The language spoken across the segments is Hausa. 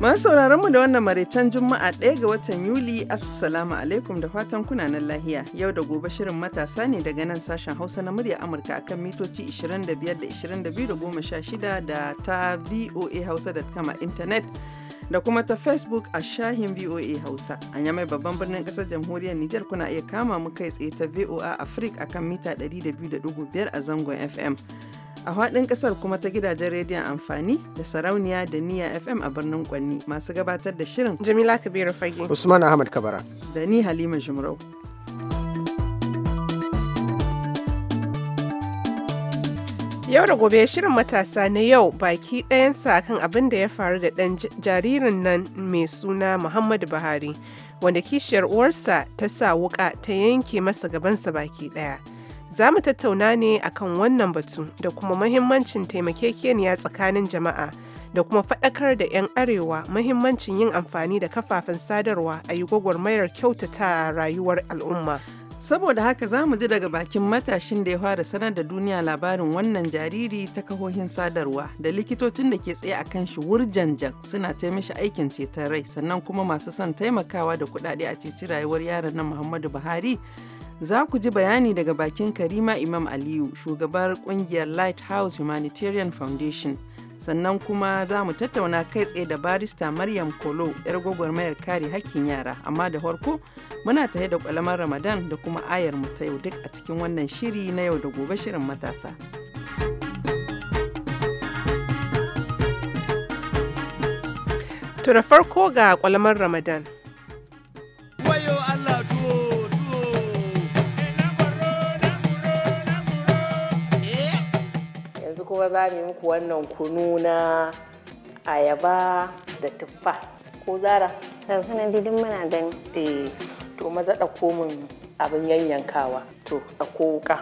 Masu sauraron da wannan maraicen Juma'a ɗaya ga watan Yuli, Assalamu alaikum da fatan kuna nan lahiya. Yau da gobe shirin matasa ne daga nan sashen Hausa na murya Amurka akan mitoci 25 da 22 da 16 ta VOA Hausa da kama intanet. Da kuma ta Facebook a shahin VOA Hausa. A mai babban birnin ƙasar jamhuriyar Nijar kuna iya kama mu kai tsaye ta VOA Africa akan mita 102.5 a zangon FM. a faɗin ƙasar kuma ta gidajen rediyon amfani da sarauniya da niya fm a birnin kwanni masu gabatar da shirin jamila kabiru fage usman ahmad kabara da ni halima jumrau Yau da gobe shirin matasa na yau baki ɗayansa kan abin da ya faru da ɗan jaririn nan mai suna Muhammadu Buhari, wanda kishiyar uwarsa ta sa wuƙa ta yanke masa gabansa baki ɗaya. Za mu tattauna ne akan wannan batu da kuma mahimmancin taimakekeniya tsakanin jama'a da kuma faɗakar da 'yan arewa mahimmancin yin amfani da kafafen sadarwa a yi gwagwarmayar kyautata rayuwar al'umma. Saboda haka za mu ji daga bakin matashin da ya fara sanar da duniya labarin wannan jariri ta kahohin sadarwa da likitocin da ke tsaye a kan shi wurjanjan suna taimashi aikin ceton rai sannan kuma masu son taimakawa da kuɗaɗe a ceci rayuwar yaron nan Muhammadu Buhari Za ku ji bayani daga bakin Karima Imam Aliyu, shugabar kungiyar Lighthouse Humanitarian Foundation. Sannan kuma za mu tattauna kai tsaye da barista Maryam Kolo, 'yar gwagwarmayar kare hakkin yara, amma da farko muna tahe da kwalamar Ramadan da kuma ayar mu ta yau duk a cikin wannan shiri na yau da gobe shirin matasa. tura farko ga kwalamar Ramadan. kuma za mu yi muku wannan kunu na ayaba da tuffa ko zara da didin muna gani eh to maza ɗauko min abin yanyankawa to ɗauko koka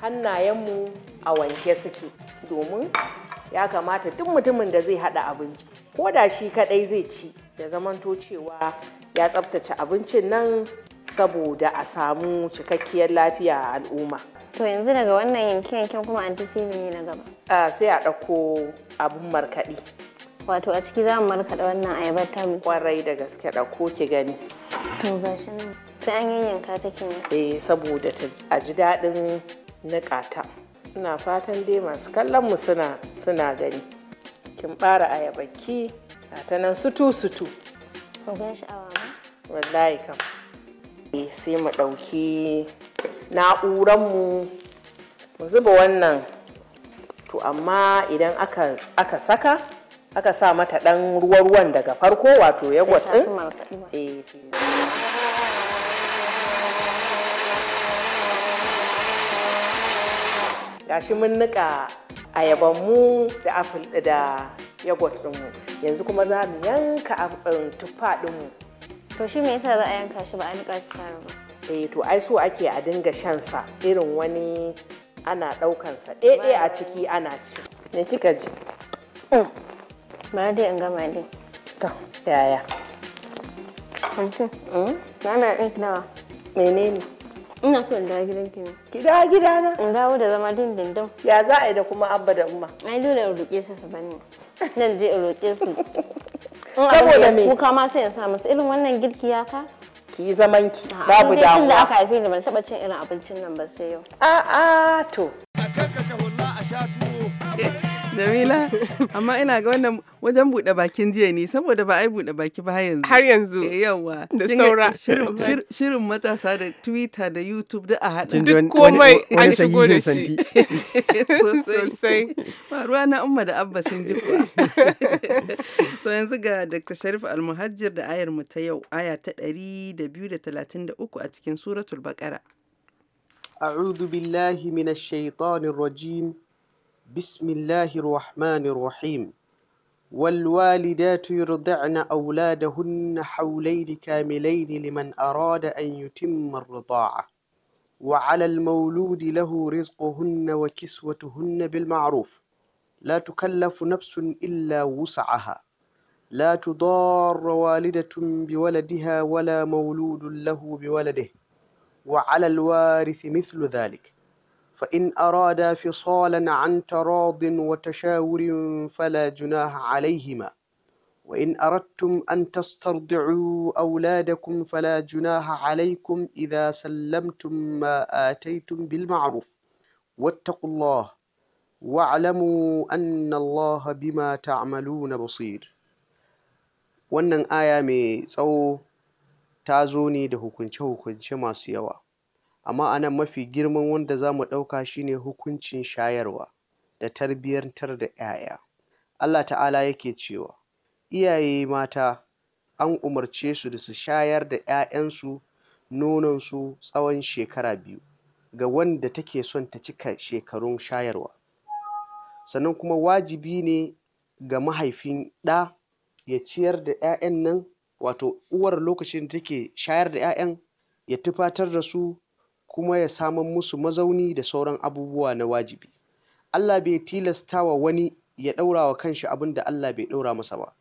hannayenmu a wanke suke domin ya kamata duk mutumin da zai haɗa abinci ko da shi kaɗai zai ci da zamanto cewa ya tsabtace abincin nan saboda a samu cikakkiyar lafiya a al'umma to yanzu daga wannan yanke-yanken kuma antisimi ne na gaba A sai a ɗauko abun markaɗi wato a ciki za mu markaɗa wannan ayabar ta mu kwarai da gaske ɗauko ki gani to gashi nan sai an yanka ta kenan eh saboda a ji daɗin niƙata ina fatan dai masu kallon mu suna suna gani kin ɓara ayabaki ta nan sutu sutu ban sha'awa wallahi kam eh, sai mu ɗauki na'uranmu mu zuba wannan to amma idan aka, aka saka aka sa mata ɗan ruwa-ruwan daga farko wato yagwat ɗin eh, gashi mun nika ayabanmu da apple da yogurt dinmu yanzu kuma za mu yanka um, tuffa dinmu to shi me yasa za a yanka shi ba a nika shi tare ba eh to ai so ake a dinga shan sa irin wani ana daukan sa ɗaya eh, eh, a ciki ana ci me kika ji ma hmm. dai in gama ne to yaya ana hmm? ɗin nawa menene ina so in dawo gidan ki ki dawo gidana in dawo da zama dindindin ya za a yi da kuma abba da umma ai dole in roƙe su su bani nan je in roƙe su saboda me kuka ma sai in sa musu irin wannan girki ya ka ki zaman ki babu damuwa. Ni da aka haife ni ban taba cin irin abincin nan ba sai yau. A'a to. A kanka ka hulla a sha tuwo. Jamila, amma ina ga wannan wajen buɗe bakin jiya ne saboda ba ai buɗe baki ba yanzu. Har yanzu. Eh, Yawa. Da saura. Shirin matasa da Twitter da YouTube duk a haɗa. Duk komai an shigo da shi. Sosai. Ba ruwa na umma da abba sun ji kuwa. To yanzu ga Dr. Sharif Almuhajjir da ayar mu ta yau aya ta ɗari da biyu da talatin da uku a cikin suratul Baƙara. أعوذ بالله من الشيطان الرجيم بسم الله الرحمن الرحيم والوالدات يرضعن أولادهن حولين كاملين لمن أراد أن يتم الرضاعة وعلى المولود له رزقهن وكسوتهن بالمعروف لا تكلف نفس إلا وسعها لا تضار والدة بولدها ولا مولود له بولده وعلى الوارث مثل ذلك فإن أرادا فصالا عن تراض وتشاور فلا جناح عليهما وإن أردتم أن تسترضعوا أولادكم فلا جناح عليكم إذا سلمتم ما آتيتم بالمعروف واتقوا الله واعلموا أن الله بما تعملون بصير wannan aya mai tsawo ta zo ne da hukunce-hukunce masu yawa amma a nan mafi girman wanda za mu ɗauka shine hukuncin shayarwa da tarbiyyantar da 'ya'ya Allah ta'ala yake cewa iyaye mata an umarce su da su shayar da 'ya'yansu nononsu tsawon shekara biyu ga wanda take son ta cika shekarun shayarwa sannan kuma wajibi ne ga mahaifin ɗa ya ciyar da 'ya'yan nan wato uwar lokacin da take shayar da 'ya'yan ya tufatar da su kuma ya samar musu mazauni da sauran abubuwa na wajibi Allah bai tilasta wa wani ya ɗaura wa kanshi abin da Allah bai ɗaura masa ba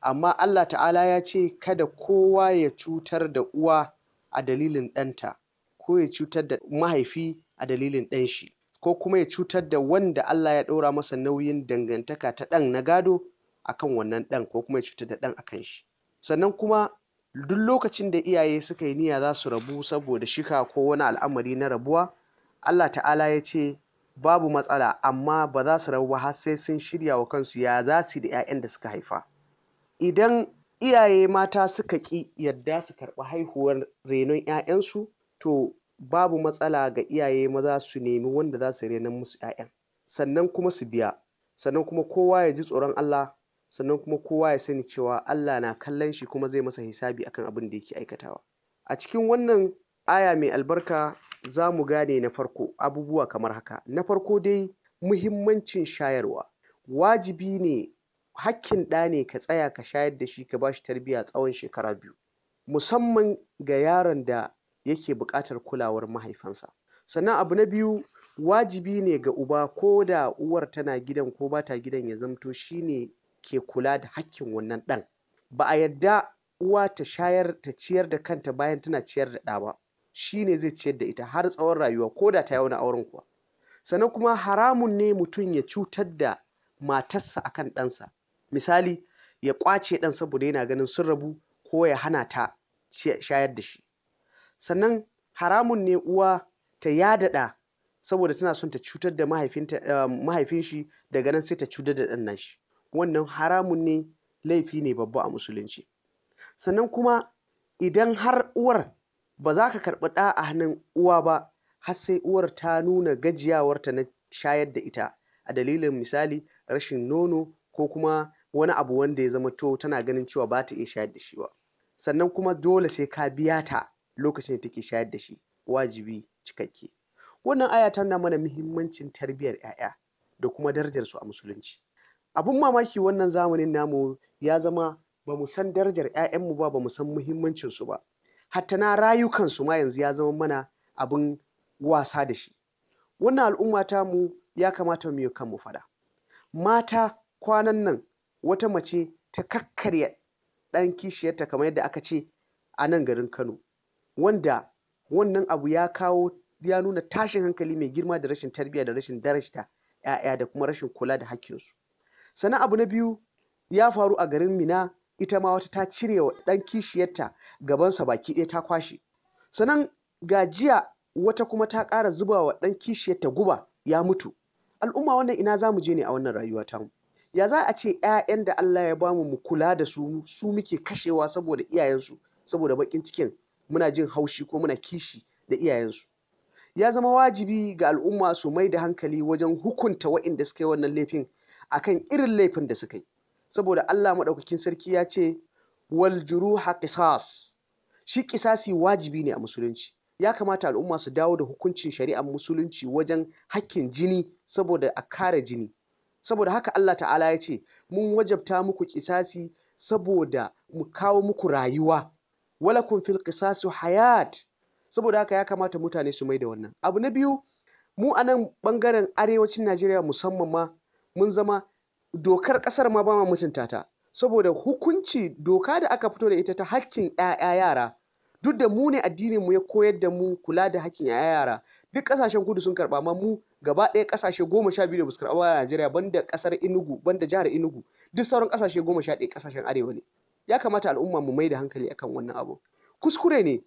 amma Allah ta'ala ya ce kada kowa ya cutar da uwa a dalilin ɗanta ko ya cutar da mahaifi a dalilin ɗan shi ko kuma ya cutar da wanda Allah ya ɗaura masa nauyin dangantaka ta ɗan na gado akan wannan ɗan ko kuma ya cutar da ɗan a kanshi, sannan kuma duk lokacin da iyaye suka yi niyya za su rabu saboda shika ko wani al'amari na rabuwa Allah ta'ala ya ce babu matsala amma ba za su rabu ba har sai sun shirya wa kansu ya za su da 'ya'yan da suka haifa idan iyaye mata suka ƙi yadda su karɓi haihuwar renon 'ya'yansu to babu matsala ga iyaye maza su nemi wanda za su renon musu 'ya'yan sannan kuma su biya sannan kuma kowa ya ji tsoron Allah sannan kuma kowa ya sani cewa Allah na kallon shi kuma zai masa hisabi akan abin da yake aikatawa a cikin wannan aya mai albarka za mu gane na farko abubuwa kamar haka na farko dai muhimmancin shayarwa wajibi ne hakkin ɗa ne ka tsaya ka shayar da shi ka ba shi tarbiyya tsawon shekara biyu musamman ga yaron da yake buƙatar kulawar mahaifansa sannan abu na biyu wajibi ne ga uba ko da uwar tana gidan ko ba ta gidan ya zamto shine. ke kula da hakkin wannan ɗan ba a yadda uwa ta shayar ta ciyar da kanta bayan tana ciyar da ɗa ba shi ne zai ciyar da ita har tsawon rayuwa ko da ta yauna auren kuwa sannan kuma haramun ne mutum ya cutar da matarsa akan ɗansa misali ya ƙwace ɗan saboda yana ganin sun rabu ko ya hana ta shayar da shi sannan haramun ne uwa ta ɗa saboda tana son ta cutar da eh, mahaifin shi daga nan sai ta cutar da ɗan nashi wannan haramun ne laifi ne babba a musulunci sannan kuma idan har uwar ba za ka karɓi ɗa a hannun uwa ba har sai uwar ta nuna gajiyawarta na shayar da ita a dalilin misali rashin nono ko kuma wani abu wanda ya zama to tana ganin cewa ba ta iya shayar da shi ba sannan kuma dole sai ka biya ta lokacin da take shayar da shi wajibi cikakke wannan aya nuna mana muhimmancin tarbiyyar 'ya'ya da kuma darajarsu a musulunci abun mamaki wannan zamanin namu ya zama ba mu san darajar 'ya'yanmu ba ba mu san muhimmancinsu ba hatta na rayukansu ma yanzu ya zama mana abin wasa da shi wannan al'umma ta mu ya kamata mu yi kanmu fada mata kwanan nan wata mace ta kakkarya ɗan kishiyarta kamar yadda aka ce a nan garin kano wanda wannan abu ya kawo ya nuna tashin hankali mai girma da rashin tarbiyya da rashin darajta 'ya'ya da kuma rashin kula da su. sannan abu na biyu ya faru a garin mina ita ma wata ta cire wa ɗan kishiyarta gabansa baki ɗaya ta kwashe sannan gajiya wata kuma ta ƙara zuba wa ɗan kishiyarta guba ya mutu al'umma wannan ina za mu je ne a wannan rayuwa tamu ya za a ce 'ya'yan da Allah ya bamu mu kula da su su muke kashewa saboda iyayensu saboda bakin cikin muna jin haushi ko muna kishi da iyayensu ya zama wajibi ga al'umma su mai da hankali wajen hukunta waɗanda suka yi wannan laifin akan irin laifin da suka yi saboda Allah maɗaukakin sarki ya ce wal juruha qisas shi qisasi wajibi ne a musulunci ya kamata al'umma su dawo da hukuncin shari'ar musulunci wajen hakkin jini saboda a kare jini saboda haka Allah ta'ala ya ce mun wajabta muku qisasi saboda mu kawo muku rayuwa walakum fil qisasu hayat saboda haka ya kamata mutane su mai da wannan abu na biyu mu anan nan ɓangaren arewacin najeriya musamman ma mun zama dokar kasar ma ba mutunta ta saboda hukunci doka da aka fito da ita ta hakkin 'ya'ya yara duk da mu ne addinin mu ya koyar da mu kula da hakkin 'ya'ya yara duk ƙasashen kudu sun karba amma mu gaba ɗaya ƙasashe goma sha biyu da buskar karɓa a Najeriya banda ƙasar Enugu banda jihar Enugu duk sauran ƙasashe goma sha ɗaya ƙasashen arewa ne ya kamata al'umma mu mai da hankali akan wannan abu kuskure ne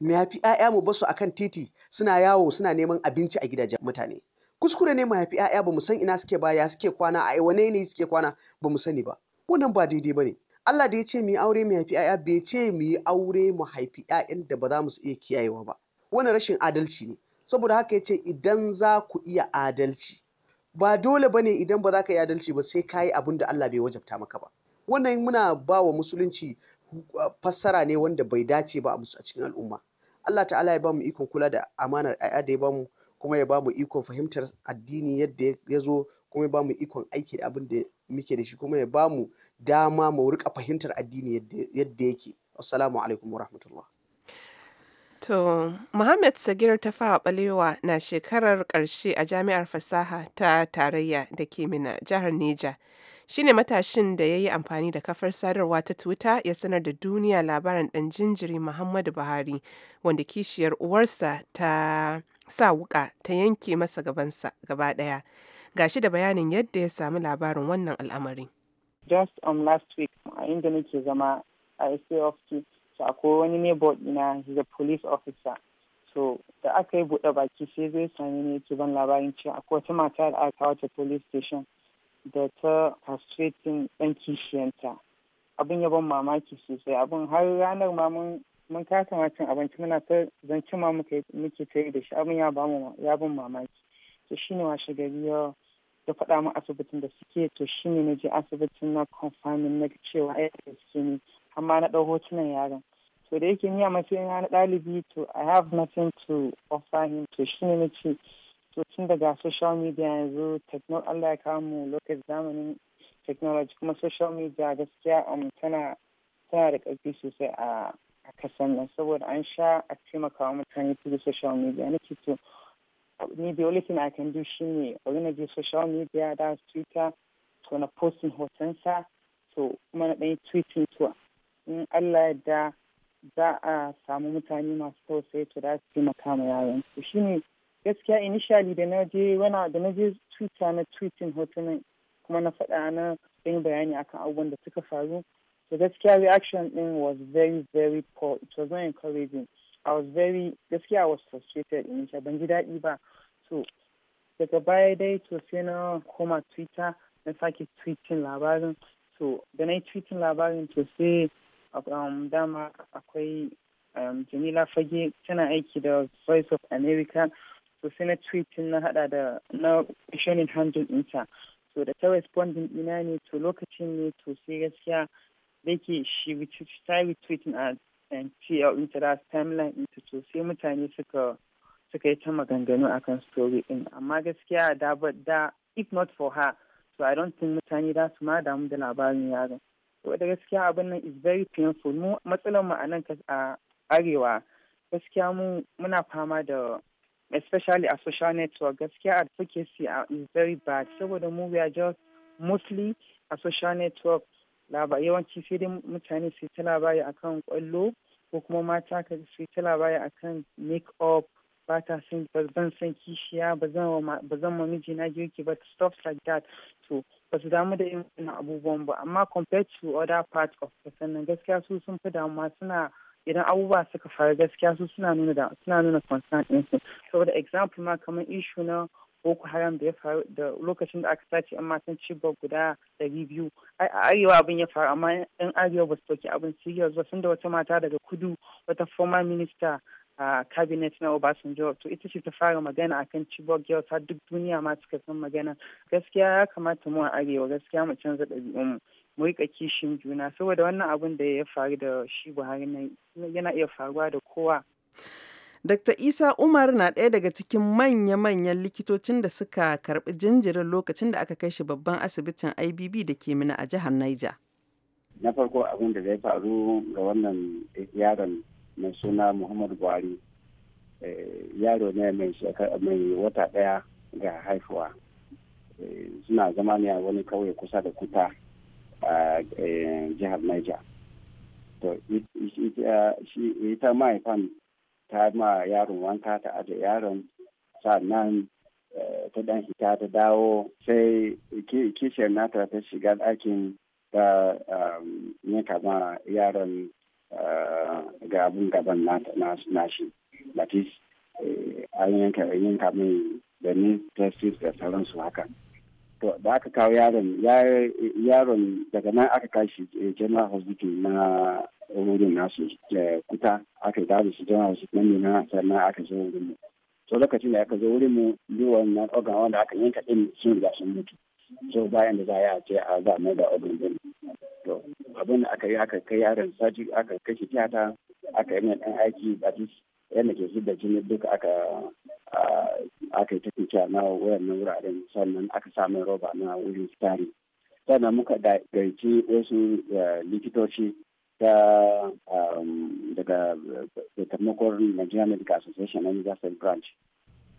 mu yafi 'ya'ya mu basu akan titi suna yawo suna neman abinci a gidajen mutane kuskure ne mahaifi yaya ba mu san ina suke ba ya suke kwana a wane ne suke kwana ba mu sani ba wannan ba daidai bane Allah da ya ce mu yi aure mu haifi ƴaƴa bai ce mu yi aure mu haifi da ba za mu iya kiyayewa ba wannan rashin adalci ne saboda haka ya ce idan za ku iya adalci ba dole bane idan ba za ka yi adalci ba sai ka yi abin da Allah bai wajabta maka ba wannan muna ba wa musulunci fassara ne wanda bai dace ba a cikin al'umma Allah ta'ala ya ba mu ikon kula da amanar 'ya'ya da ya ba mu kuma ya ba mu ikon fahimtar addini yadda ya zo kuma ya ba mu ikon aiki da abin da muke da shi kuma ya ba mu dama mu rika fahimtar addini yadda yake assalamu alaikum wa rahmatullah To, Muhammad Sagir ta fawa balewa na shekarar karshe a Jami'ar Fasaha ta Tarayya da ke Mina, Jihar Neja. Shi ne matashin da ya yi amfani da kafar sadarwa ta Twitter ya sanar da duniya labarin ɗan jinjiri Muhammadu Buhari, wanda kishiyar uwarsa ta sa wuka ta yanke masa gabansa gaba ɗaya. Gashi da bayanin yadda ya samu labarin wannan al'amari. Just on um, last week a inda nake zama a SA office so akwai wani neighbor ina he's a police officer so da aka yi buɗe baki sai zai sami ne yake ban labarin cewa akwai wata mata da aka wata police station da ta castrating ɗan kishiyanta abin ya ban mamaki sosai abin har ranar ma mun mun kasa ma cin abinci muna ta zancen ma muke ta yi da shi abin ya bamu ya bin mamaki to shine washe gari ya ya faɗa mu asibitin da suke to shine na je asibitin na confirming na cewa ai da suke ne amma na ɗau hotunan yaron to da yake ni a matsayin na ɗalibi to I have nothing to offer him to shine na ce to tun daga social media yanzu techno Allah ya kawo mu lokacin zamanin technology kuma social media gaskiya um, tana tana da ƙarfi sosai a a sannan saboda an sha a taimaka wa mutane through social media nake to ni the only thing I can do shine bari na je social media da twitter to na posting hotonsa to kuma na ɗan tweeting to in Allah yadda za a samu mutane masu tausayi to da su taimaka ma yaron su shine gaskiya initially da na je wana da na je twitter na tweeting kuma na faɗa na yin bayani akan abubuwan da suka faru So gaskiya reaction din was very very poor. It was not encouraging. I was very gaskiya I was frustrated in ban ji daɗi ba. So daga baya dai to na koma Twitter na sake tweeting labarin. So da na yi labarin to sai um, dama akwai um, Jamila Fage tana aiki da Voice of America. So na tweeting na hada da uh, na questioning handle ɗinta. So da ta responding ina ne to lokacin ne to da ke shi ta yi tweeting a Interest timeline ɗinta sai mutane suka suka yi ta maganganu akan story in amma gaskiya da da if not for her so I don't think mutane da su ma damu da labarin yaron. da gaskiya abin nan is very painful mu matsalar mu a a arewa gaskiya mu muna fama da especially a social network gaskiya advocacy uh, is very bad saboda mu we are just mostly a social network laba yawanci sai dai mutane su ta labari akan kwallo ko kuma mata ka su ta labari akan make up ba ta san ban san kishiya ba zan ma mijina na girki ba stuff like that to ba su damu da yin abubuwan ba amma compared to other parts of the nan gaskiya su sun fi damuwa suna idan abubuwa suka faru gaskiya su suna nuna concern ɗinsu saboda example ma kamar issue na boko haram da ya faru da lokacin da aka sace yan matan cibok guda ɗari biyu a arewa abin ya faru amma yan arewa ba su ɗauki abin siriyar ba sun da wata mata daga kudu wata former minister a cabinet na obasanjo to ita ce ta fara magana akan cibok yau ta duk duniya ma suka san magana gaskiya ya kamata mu a arewa gaskiya mu canza ɗabi'unmu mu riƙa kishin juna saboda wannan abin da ya faru da shi buhari yana iya faruwa da kowa Dr. Isa Umar na ɗaya daga cikin manya-manyan likitocin da suka karɓi jinjirin lokacin da aka kai shi babban asibitin IBB da ke mina a jihar Niger. Na farko abin da zai faru ga wannan yaron mai suna Muhammad Buhari eh, yaro ne mai wata ɗaya ga haifuwa. Eh, suna zama ne a wani kauye kusa da kuta a eh, jihar Niger. To, ita mahaifan ta ma yaron wanka ta aje yaron sannan eh, ta dan ita ta dawo sai kishiyar nata ta shiga ɗakin ta yanka um, ma yaron eh, gabun gaban nashi latif eh, an yanka da ni ta da sauransu haka to da aka kawo yaron yaron daga nan aka kashi jama'a hospital na wurin nasu da kuta aka yi dawo su jama'a su nan ne na sannan aka zo wurin mu to lokacin da aka zo wurin mu duk wannan organ wanda aka yanka din sun riga sun mutu so bayan da za a ce a za mai da organ din to abin da aka yi aka kai yaron saji aka kashe tiyata aka yi mai dan aiki a yadda ke zuba jini duk aka aka yi ta na wayannan wuraren sannan aka samun roba na wurin tsari sannan muka gaici wasu eh, likitoci ta um, daga eh, taimakon Nigerian Medical Association na Universal Branch.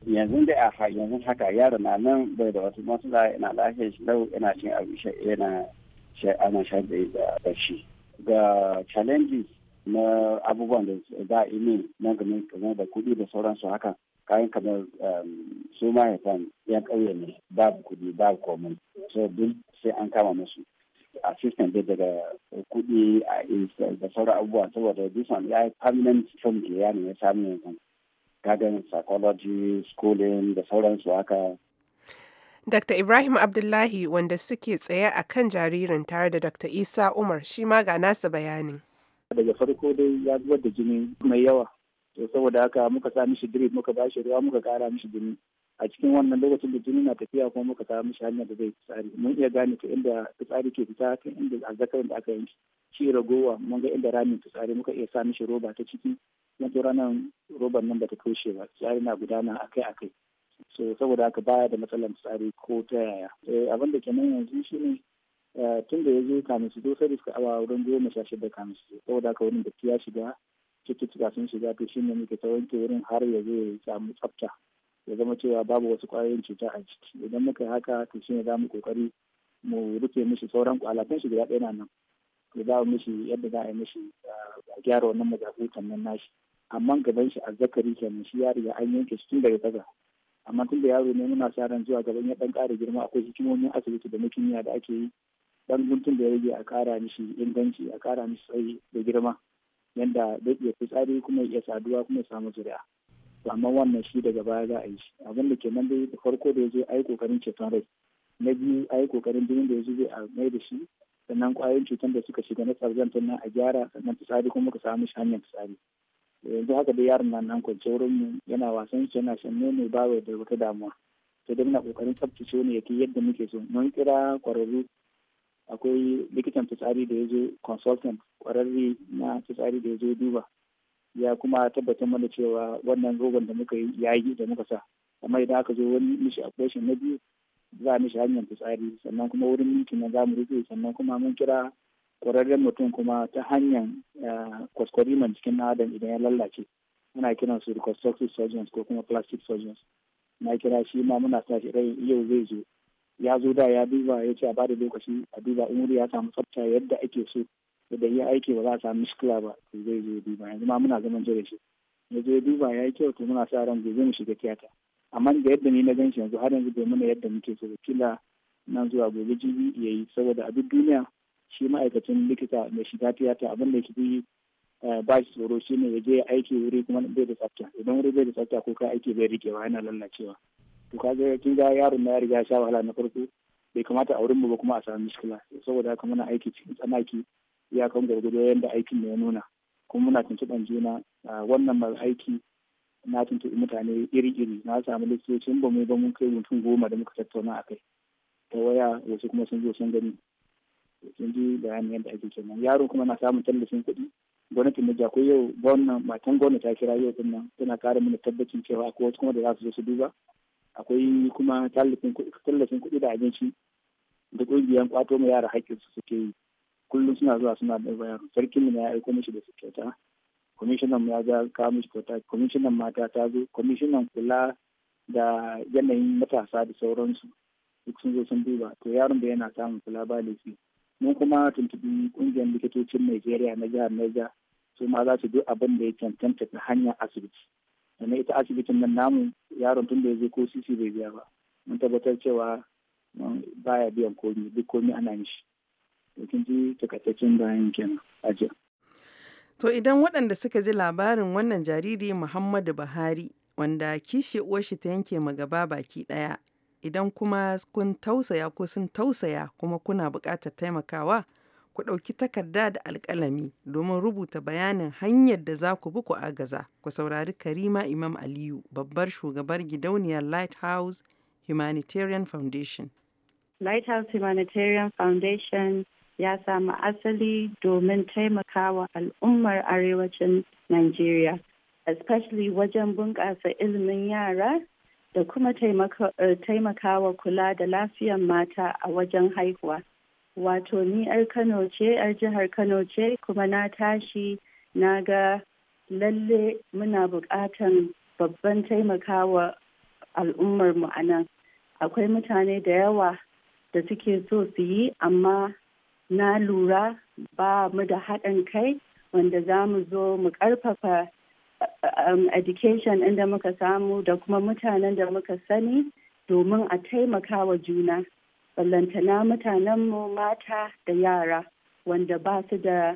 Yanzu da a yanzu haka yaro na nan bai da wasu matsala yana lafiyar shi lau yana cin abinci yana ana shan da shi. Ga challenges na abubuwan da za a yi na game kamar da kuɗi da sauransu haka kayan kamar um, su mahaifan yan ƙauye ne babu kuɗi babu komai so duk sai an kama musu. assistant da daga kuɗi da sauran abubuwa saboda this one ya yi permanent from ke ya ne ya samu yanzu garden psychology schooling da sauransu haka Dr. Ibrahim Abdullahi wanda suke tsaye a kan jaririn tare da Dr. Isa Umar shi ma ga nasa bayanin. Daga farko dai ya zubar da jini mai yawa. To saboda haka muka sa mishi drip muka bashi ruwa muka kara mishi jini. a cikin wannan lokacin da jini na tafiya kuma muka ta mishi hanya da zai tsari mun iya gane ta inda fitsari ke fita kan inda azzakarin da aka yanki shi ragowa mun ga inda ramin fitsari muka iya sa mishi roba ta ciki na to ranar roban nan bata toshe ba fitsari na gudana akai akai so saboda haka baya da matsalar fitsari ko ta yaya eh, abin da ke nan yanzu shi ne eh, tun da ya zo kamin su zo da suka awa wurin goma sha shida kamin su saboda haka wurin da ya shiga cututtuka sun shiga to shi ne muke ta wanke wurin har ya zo ya samu tsafta ya zama cewa babu wasu kwayoyin cuta a ciki idan muka yi haka to shine za mu kokari mu rufe mishi sauran kwalatan shi guda ɗaya na nan to za mu mishi yadda za a yi mishi a gyara wannan mazakutan nan nashi amma gaban shi azzakari kenan shi ya riga an yanke shi tun daga daga amma tun da yaro ne muna sa ran zuwa gaban ya dan ƙara girma akwai hikimomin asibiti da na kimiyya da ake yi dan guntun da ya rage a ƙara mishi inganci a ƙara mishi tsayi da girma yanda zai iya fitsari kuma ya iya saduwa kuma ya samu zuri'a amma wannan shi daga baya za a yi shi abin ke nan dai da farko da ya zo ai kokarin ceton rai na biyu ai kokarin jinin da ya zo zai a mai da shi sannan kwayoyin cutar da suka shiga na tsarjantar nan a gyara sannan fitsari kuma ka samu shi hanyar fitsari yanzu haka dai yaron nan nan kwance wurin mu yana wasan shi yana shan nono ba da wata damuwa ta dai muna kokarin tsabtace ne yake yadda muke so mun kira kwararru akwai likitan fitsari da ya zo consultant kwararri na fitsari da ya zo duba ya kuma tabbatar mana cewa wannan rogon da muka yayi da muka sa amma idan aka zo wani mishi kwashin na biyu za a mishi hanyar fitsari sannan kuma wurin miki na za mu rufe sannan kuma mun kira kwararren mutum kuma ta hanyar man cikin na idan ya lallace muna kiran su reconstructive surgeons ko kuma plastic surgeons na kira shi ma muna sa shi rai yau zai zo ya zo da ya duba ya ce a bada lokaci a duba umuri ya samu tsafta yadda ake so da ya aiki ba za a samu shikila ba zai zo duba yanzu ma muna zaman jira shi ya zo duba ya yi kyau to muna sa ran gobe mu shiga tiyata amma da yadda ni na gan shi yanzu har yanzu bai yadda muke so kila nan zuwa gobe jibi ya yi saboda a duk duniya shi ma'aikacin likita mai shiga tiyata abin da ke eh, ba shi tsoro shi ne ya je aiki wuri kuma bai da tsafta idan wuri bai da tsafta ko ka aiki bai rikewa yana lallacewa to kaga kin ga yaron na ya riga sha wahala na farko bai kamata a wurin mu ba kuma a samu shikila saboda haka muna aiki cikin tsanaki iyakan gwargwado yadda aikin ya nuna kuma muna tuntuɓar juna wannan mai aiki na tuntuɓi mutane iri-iri na samu listocin ba mu ba mun kai mutum goma da muka tattauna a kai ta waya wasu kuma sun zo sun gani sun ji bayanin yadda ake kenan yaro kuma na samun tallafin kuɗi gwamnatin na jako yau gwamnan matan gwamnati ta kira yau din tana kara mana tabbacin cewa akwai wasu kuma da za su zo su duba akwai kuma tallafin kuɗi da abinci da ƙungiyar kwato ma yara haƙƙinsu suke yi kullum suna zuwa suna da bayan sarkin mu ya aiko mishi da su kyauta kwamishinan ya ga kawo mishi kyauta kwamishinan mata ta zo kwamishinan kula da yanayin matasa da sauransu duk sun zo sun duba to yaron da yana samun kula ba laifi mun kuma tuntubi kungiyar likitocin Najeriya na jihar Niger su ma za su duk abin da ya cancanta ta hanyar asibiti na ita asibitin nan namu yaron tun da ya zo ko sisi bai biya ba mun tabbatar cewa mm, baya biyan komi duk komi ana mishi mutum ji takaitaccen bayan kenan a To idan waɗanda suka ji labarin wannan jariri Muhammadu Buhari wanda kishi uwarshi ta yanke magaba baki ɗaya idan kuma kun tausaya ko sun tausaya kuma kuna buƙatar taimakawa ku ɗauki takarda da alƙalami domin rubuta bayanin hanyar da za ku bi ku agaza ku saurari Karima Imam Aliyu babbar shugabar gidauniyar Lighthouse Humanitarian Foundation. Lighthouse Humanitarian Foundation ya samu asali domin taimakawa al'ummar arewacin Najeriya, especially wajen bunƙasa ilimin yara da kuma eh, taimakawa kula da lafiyan mata a wajen haihuwa. Wato ni 'yar Kano ce, 'yar jihar Kano ce, kuma na tashi na ga lalle muna buƙatan babban taimakawa al'ummar mu a Akwai mutane da yawa da suke so su yi amma na lura ba mu da haɗin kai wanda za mu zo mu ƙarfafa um, education inda muka samu da kuma mutanen da muka sani domin a taimaka wa juna ballantana mutanenmu mata da yara wanda ba su da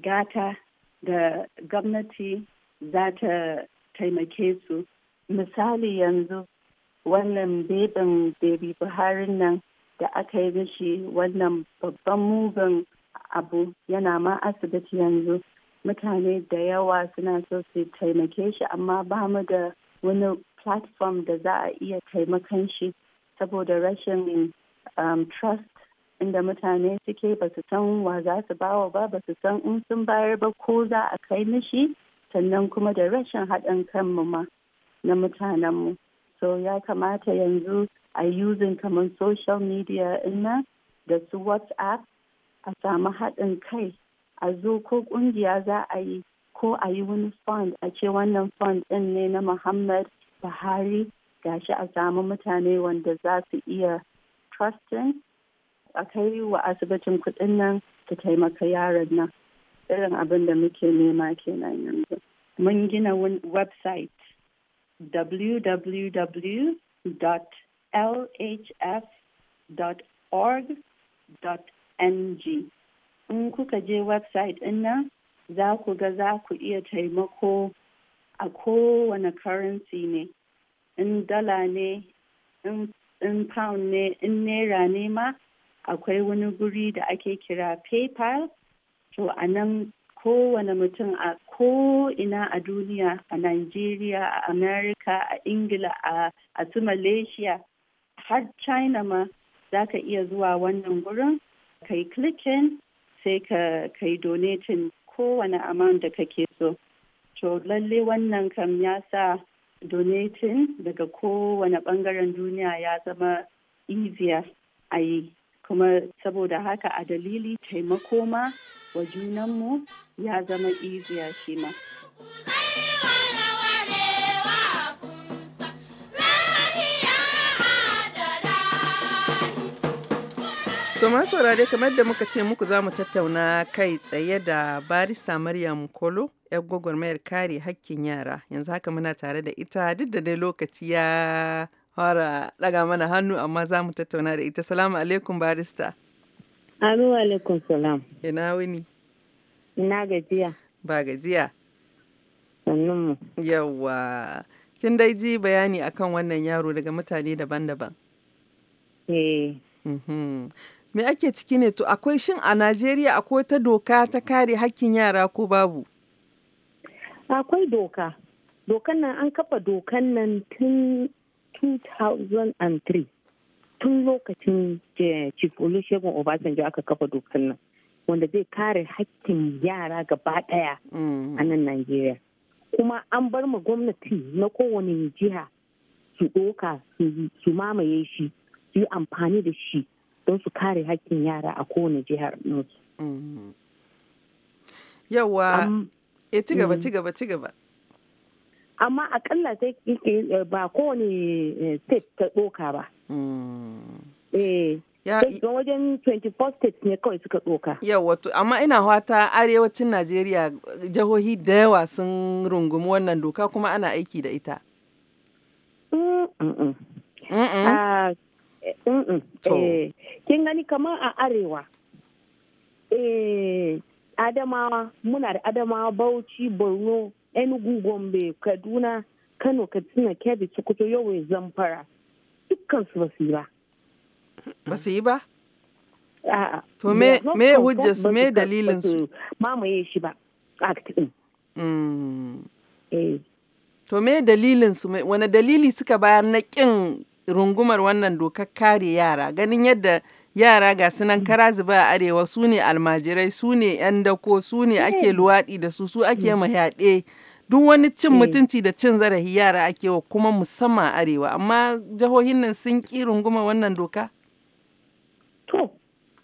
gata da gwamnati za ta taimake su misali yanzu wannan bebin bebi buharin nan da aka yi mishi wannan babban mugun abu yana ma asibiti yanzu mutane da yawa suna so su taimake shi amma ba mu da wani platform da za a iya taimakan shi saboda rashin um, trust inda mutane suke ba su san wa za su bawa ba ba su san in sun bayar ba ko za a kai mishi sannan kuma da rashin haɗin kanmu ma na mutanenmu so ya kamata yanzu a using kamar social media ina da su whatsapp a samu haɗin kai a zo ko ƙungiya za a yi ko a yi wani fund a ce wannan fund ɗin ne na muhammad buhari gashi a samu mutane wanda za su iya trusting a kai wa asibitin kuɗin nan ta taimaka yaron nan irin abin da muke nema kenan yanzu mun gina website www lhf.org.ng in kuka je website ɗin nan za ku ga za ku iya taimako a kowane currency ne in dala ne in pound ne in naira ne ma akwai wani guri da ake kira paypal to a nan kowane mutum a ko'ina a duniya a nigeria a america a ingila a su malaysia har china ma za ka iya zuwa wannan gurin ka yi clicking sai ka yi donating kowane amount da kake so to lalle wannan kam ya sa donating daga kowane bangaren duniya ya zama easier a yi kuma saboda haka a dalili taimako ma wa junanmu ya zama easier shi ma. To masu saurare kamar da muka ce muku za mu tattauna kai tsaye da barista Maryam Kolo, 'yar gwagwarmayar kare hakkin yara. Yanzu haka muna tare da ita duk da dai lokaci ya fara daga mana hannu amma za mu tattauna da ita. Salamu alaikum barista. Amin alaikum salam. Ina wuni? Ina gajiya. Ba gajiya. Sannunmu. Yawwa. Kin dai ji bayani akan wannan yaro daga mutane daban-daban. Eh. Mm -hmm. Me ake ciki ne to akwai shin a Najeriya akwai ta doka ta kare hakkin yara ko babu? Akwai doka. Dokan nan an kafa dokan nan tun 2003 tun lokacin eh, Chief Olusegun Obasanjo aka kafa dokan nan wanda zai kare hakkin yara gaba daya mm. a nan Najeriya. Kuma an bar ma gwamnati na kowane jiha su doka su mamaye shi su yi amfani da shi don su kare hakkin yara a kowane jihar nosu. Yawa, e ci gaba, mm. ci gaba, ci gaba. Amma akalla sai eh, ba kowane eh, state ta doka ba. Mm. Eh, don wajen 24 states ne kawai suka doka. Yawa, amma ina wata arewacin Najeriya jihohi da yawa sun rungumi wannan doka kuma ana aiki da ita. Mm, ah, Eh, kin gani kamar a arewa Eh adamawa muna da adamawa bauchi borno enugu gombe kaduna kano katsina kebbi sokoto yau zamfara dukkan su ba su yi ba ba su yi ba to me hujjar su me dalilin su mamaye shi ba a mm. eh. to me dalilin su wani dalili suka bayar na kin rungumar wannan dokar kare yara ganin yadda yara ga sunan kara zuba a arewa su ne almajirai su ne 'yan dako su ne ake hmm. luwaɗi da su su ake hmm. mahaɗe duk wani cin hmm. mutunci da cin zarafi yara ake wa kuma musamman arewa amma jihohin nan sun ƙi runguma wannan doka? to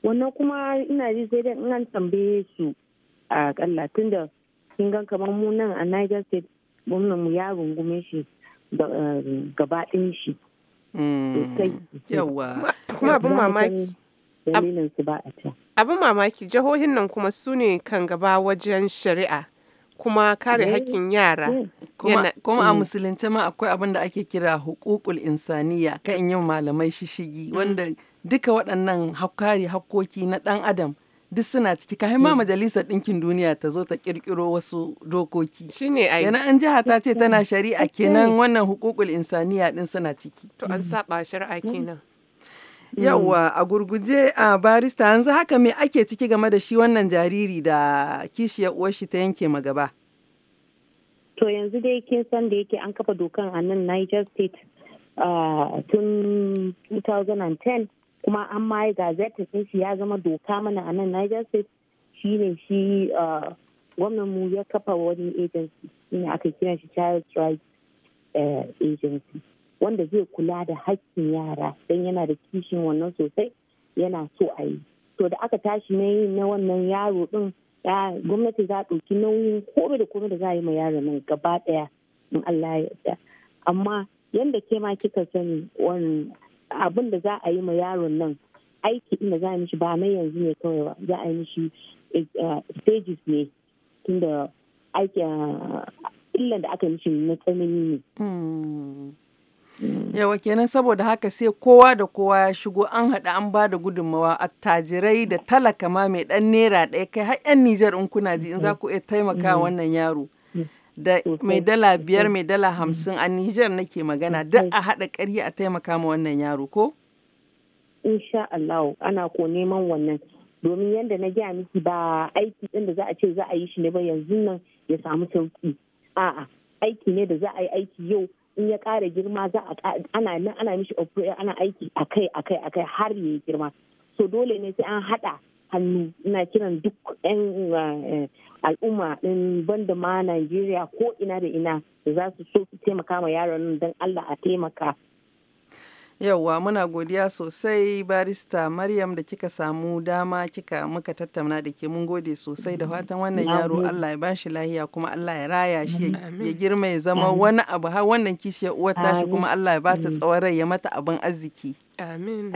wannan kuma ina ji sai dai an tambaye su a kalla tunda kin ga kamar mu nan a niger state gwamnan mu ya rungume shi eh, gaba ɗin shi Kuma abin mamaki. Abin jihohin nan kuma su ne kan gaba wajen shari'a. kuma kare eh, hakkin yara. Eh. Kuma, a mm. musulunce ma akwai abin da ake kira hukukul insaniya kan yin malamai shishigi mm. wanda duka waɗannan kare hakkoki na ɗan adam duk suna ciki kayan ma majalisar ɗinkin duniya ta zo ta kirkiro wasu dokoki shine ai yana an jiha ta ce tana shari'a kenan wannan hukukul insaniya din suna ciki to an saba shari'a kenan yawwa a gurguje a barista yanzu haka me ake ciki game da shi wannan jariri da kishiyar uwar shi ta yanke magaba to yanzu dai kin san da yake an kafa dokan a nan Niger state ah, tun 2010 kuma an ma yi gazeta sun shi ya zama doka mana a nan Niger State shi ne shi uh, gwamnan mu ya kafa wani agency shine aka kira shi Child Rights uh, Agency wanda zai kula da haƙƙin yara don yana da kishin wannan sosai yana so a yi to da aka tashi na na wannan yaro din gwamnati za a ɗauki nauyin kome da kome da za a yi ma yaro nan gaba ɗaya in Allah ya yarda amma yanda ke ma kika sani wannan abin da za a yi ma yaron nan aiki inda za a mishi ba na yanzu ne kawai ba za a yi mishi eh, stages ne tunda aiki eh, illan da aka mishi na tsanani ne hmm. Hmm. yawa kenan saboda haka sai kowa da kowa ya shigo an haɗu an ba da gudunmawa attajirai da talaka ma mai ɗan naira ɗaya kai har 'yan nijar in kuna ji in za mm-hmm. ku iya taimaka mm-hmm. wannan yaro. da mai dala biyar mai dala mm. hamsin a Nijar nake magana duk a haɗa ƙarya a taimaka ma wannan yaro ko? Insha Allah ana ko neman wannan domin yadda na gaya miki ba aiki ɗin da za a ce za a yi shi ne ba yanzu nan ya samu sauƙi a'a aiki ne da za a yi aiki yau in ya ƙara girma za a ana nan ana mishi ana aiki akai akai akai har ya girma so dole ne sai an haɗa hannu ina kiran duk 'yan eh, al'umma din banda ma Najeriya ko ina da ina za su so su taimaka ma yaron don Allah a taimaka. Yauwa muna godiya sosai barista Maryam da kika samu dama kika muka tattauna da ke mun gode sosai da fatan wannan yaro Allah ya bashi lahiya kuma Allah ya raya shi ya girma ya zama wani abu har wannan kishiyar uwar tashi kuma Allah ya bata tsawon rai ya mata abin arziki. Amin.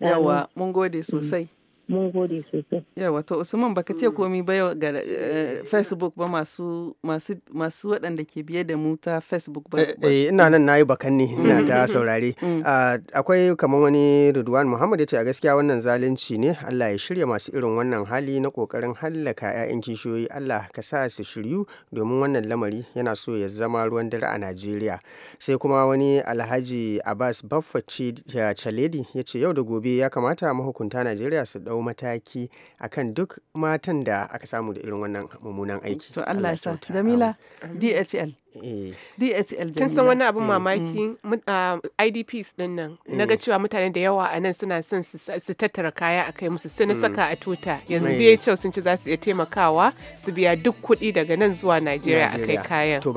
Yauwa mun gode sosai. mun gode sosai yawa to usman baka ce mm. komi ba ga eh, facebook ba masu masu masu waɗanda ke biye da mu ta facebook ba eh, eh ina nan nayi bakan ne mm. ina ta mm. saurare ah, akwai kamar wani Ridwan Muhammad yace a gaskiya wannan zalunci ne Allah ya shirya masu irin wannan hali na kokarin hallaka ƴaƴan kishiyoyi Allah ka sa su shiryu domin wannan lamari yana so ya zama ruwan dare a Najeriya sai kuma wani Alhaji Abbas Baffaci Chaledi yace yau da gobe ya kamata mahukunta Najeriya su dau ɗau mataki akan duk matan da aka samu da irin wannan mummunan aiki. To Allah ya sa. Jamila DHL. Eh. dsl tun san wani abin mm, mamaki mm. ah, idps din nan na ga eh. cewa mutane da yawa a nan suna son su tattara kaya a kai musu sun mm. saka a tuta yanzu eh. dhl sun ci za su iya taimakawa su biya duk kuɗi daga nan zuwa najeriya a kai kayan to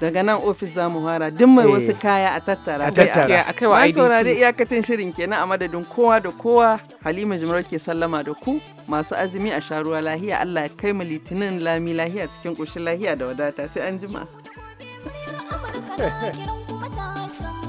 daga nan ofis za mu fara duk mai wasu kaya a tattara a kai wa idps saurari iyakacin shirin kenan a madadin kowa da kowa halima jimrar ke sallama da ku masu azumi a sharuwa lahiya allah ya kai mu litinin lami lahiya cikin ƙoshin lahiya da wadata sai an jima. Matasa